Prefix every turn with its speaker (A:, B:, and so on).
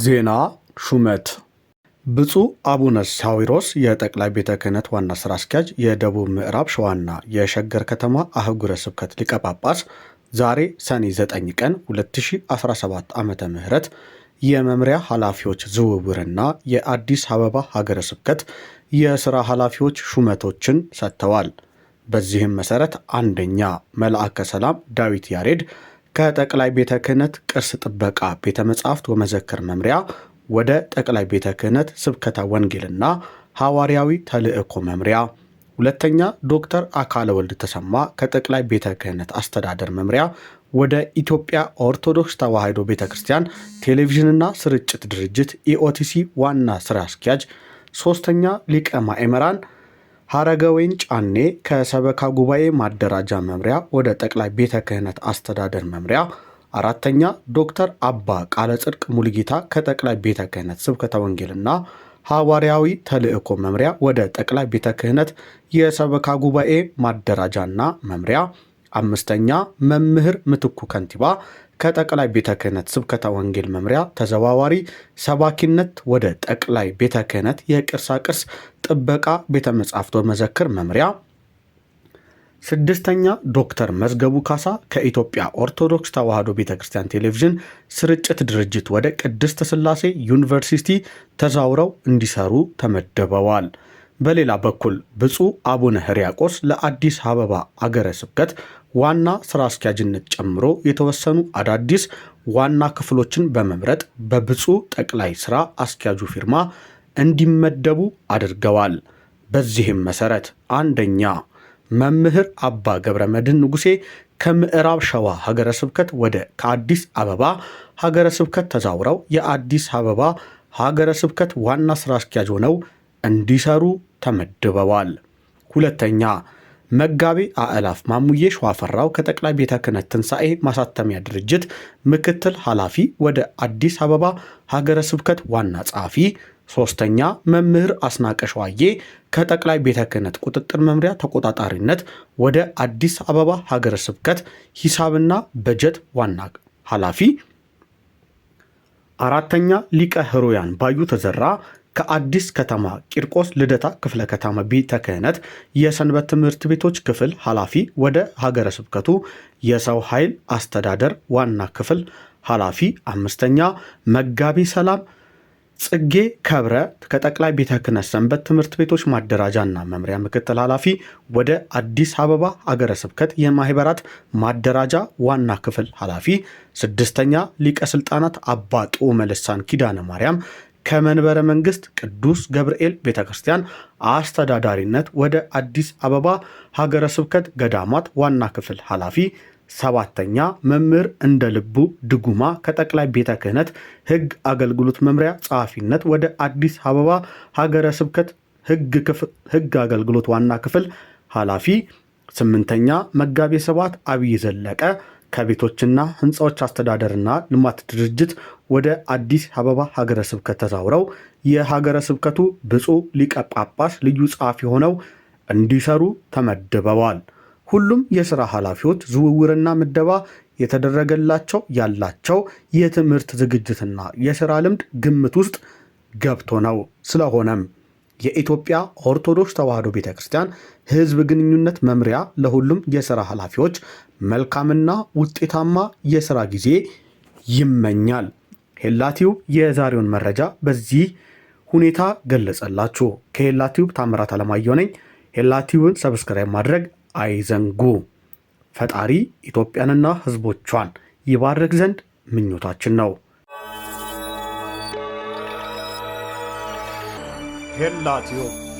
A: ዜና ሹመት ብፁዕ አቡነ ሳዊሮስ የጠቅላይ ቤተ ክህነት ዋና ስራ አስኪያጅ የደቡብ ምዕራብ ሸዋና የሸገር ከተማ አህጉረ ስብከት ሊቀ ጳጳስ ዛሬ ሰኔ 9 ቀን 2017 ዓ ም የመምሪያ ኃላፊዎች ዝውውርና የአዲስ አበባ ሀገረ ስብከት የሥራ ኃላፊዎች ሹመቶችን ሰጥተዋል። በዚህም መሠረት አንደኛ መልአከ ሰላም ዳዊት ያሬድ ከጠቅላይ ቤተ ክህነት ቅርስ ጥበቃ ቤተ መጻሕፍት ወመዘክር መምሪያ ወደ ጠቅላይ ቤተ ክህነት ስብከተ ወንጌልና ሐዋርያዊ ተልእኮ መምሪያ፣ ሁለተኛ ዶክተር አካለ ወልድ ተሰማ ከጠቅላይ ቤተ ክህነት አስተዳደር መምሪያ ወደ ኢትዮጵያ ኦርቶዶክስ ተዋሕዶ ቤተ ክርስቲያን ቴሌቪዥንና ስርጭት ድርጅት ኢኦቲሲ ዋና ስራ አስኪያጅ፣ ሶስተኛ ሊቀ ማእምራን ሀረገወይን ጫኔ ከሰበካ ጉባኤ ማደራጃ መምሪያ ወደ ጠቅላይ ቤተ ክህነት አስተዳደር መምሪያ፣ አራተኛ ዶክተር አባ ቃለ ጽድቅ ሙልጌታ ከጠቅላይ ቤተ ክህነት ስብከተ ወንጌልና ሐዋርያዊ ተልእኮ መምሪያ ወደ ጠቅላይ ቤተ ክህነት የሰበካ ጉባኤ ማደራጃና መምሪያ፣ አምስተኛ መምህር ምትኩ ከንቲባ ከጠቅላይ ቤተ ክህነት ስብከተ ወንጌል መምሪያ ተዘዋዋሪ ሰባኪነት ወደ ጠቅላይ ቤተ ክህነት የቅርሳቅርስ ጥበቃ ቤተ መጻሕፍት መዘክር መምሪያ፣ ስድስተኛ ዶክተር መዝገቡ ካሳ ከኢትዮጵያ ኦርቶዶክስ ተዋሕዶ ቤተ ክርስቲያን ቴሌቪዥን ስርጭት ድርጅት ወደ ቅድስት ስላሴ ዩኒቨርሲቲ ተዛውረው እንዲሰሩ ተመደበዋል። በሌላ በኩል ብፁዕ አቡነ ሕርያቆስ ለአዲስ አበባ አገረ ስብከት ዋና ስራ አስኪያጅነት ጨምሮ የተወሰኑ አዳዲስ ዋና ክፍሎችን በመምረጥ በብፁዕ ጠቅላይ ስራ አስኪያጁ ፊርማ እንዲመደቡ አድርገዋል። በዚህም መሰረት አንደኛ መምህር አባ ገብረ መድህን ንጉሴ ከምዕራብ ሸዋ ሀገረ ስብከት ወደ ከአዲስ አበባ ሀገረ ስብከት ተዛውረው የአዲስ አበባ ሀገረ ስብከት ዋና ስራ አስኪያጅ ሆነው እንዲሰሩ ተመድበዋል። ሁለተኛ መጋቤ አእላፍ ማሙዬ ሸዋፈራው ከጠቅላይ ቤተ ክህነት ትንሣኤ ማሳተሚያ ድርጅት ምክትል ኃላፊ ወደ አዲስ አበባ ሀገረ ስብከት ዋና ጸሐፊ። ሶስተኛ መምህር አስናቀ ሸዋዬ ከጠቅላይ ቤተ ክህነት ቁጥጥር መምሪያ ተቆጣጣሪነት ወደ አዲስ አበባ ሀገረ ስብከት ሂሳብና በጀት ዋና ኃላፊ። አራተኛ ሊቀ ሕሩያን ባዩ ተዘራ ከአዲስ ከተማ ቂርቆስ ልደታ ክፍለ ከተማ ቤተ ክህነት የሰንበት ትምህርት ቤቶች ክፍል ኃላፊ ወደ ሀገረ ስብከቱ የሰው ኃይል አስተዳደር ዋና ክፍል ኃላፊ አምስተኛ መጋቢ ሰላም ጽጌ ከብረ ከጠቅላይ ቤተ ክህነት ሰንበት ትምህርት ቤቶች ማደራጃና መምሪያ ምክትል ኃላፊ ወደ አዲስ አበባ አገረ ስብከት የማህበራት ማደራጃ ዋና ክፍል ኃላፊ ስድስተኛ ሊቀ ስልጣናት አባ ጦመ ልሳን ኪዳነ ማርያም ከመንበረ መንግስት ቅዱስ ገብርኤል ቤተ ክርስቲያን አስተዳዳሪነት ወደ አዲስ አበባ ሀገረ ስብከት ገዳማት ዋና ክፍል ኃላፊ ሰባተኛ መምህር እንደ ልቡ ድጉማ ከጠቅላይ ቤተ ክህነት ህግ አገልግሎት መምሪያ ጸሐፊነት ወደ አዲስ አበባ ሀገረ ስብከት ህግ አገልግሎት ዋና ክፍል ኃላፊ ስምንተኛ መጋቤ ሰባት አብይ ዘለቀ ከቤቶችና ህንፃዎች አስተዳደርና ልማት ድርጅት ወደ አዲስ አበባ ሀገረ ስብከት ተዛውረው የሀገረ ስብከቱ ብፁዕ ሊቀ ጳጳስ ልዩ ጸሐፊ ሆነው እንዲሰሩ ተመድበዋል። ሁሉም የሥራ ኃላፊዎች ዝውውርና ምደባ የተደረገላቸው ያላቸው የትምህርት ዝግጅትና የሥራ ልምድ ግምት ውስጥ ገብቶ ነው። ስለሆነም የኢትዮጵያ ኦርቶዶክስ ተዋሕዶ ቤተ ክርስቲያን ሕዝብ ግንኙነት መምሪያ ለሁሉም የሥራ ኃላፊዎች መልካምና ውጤታማ የሥራ ጊዜ ይመኛል። ሄላቲው የዛሬውን መረጃ በዚህ ሁኔታ ገለጸላችሁ። ከሄላቲው ታምራት አለማየሁ ነኝ። ሄላቲውን ሰብስክራይብ ማድረግ አይዘንጉ። ፈጣሪ ኢትዮጵያንና ሕዝቦቿን ይባርክ ዘንድ ምኞታችን ነው። headlights, yo.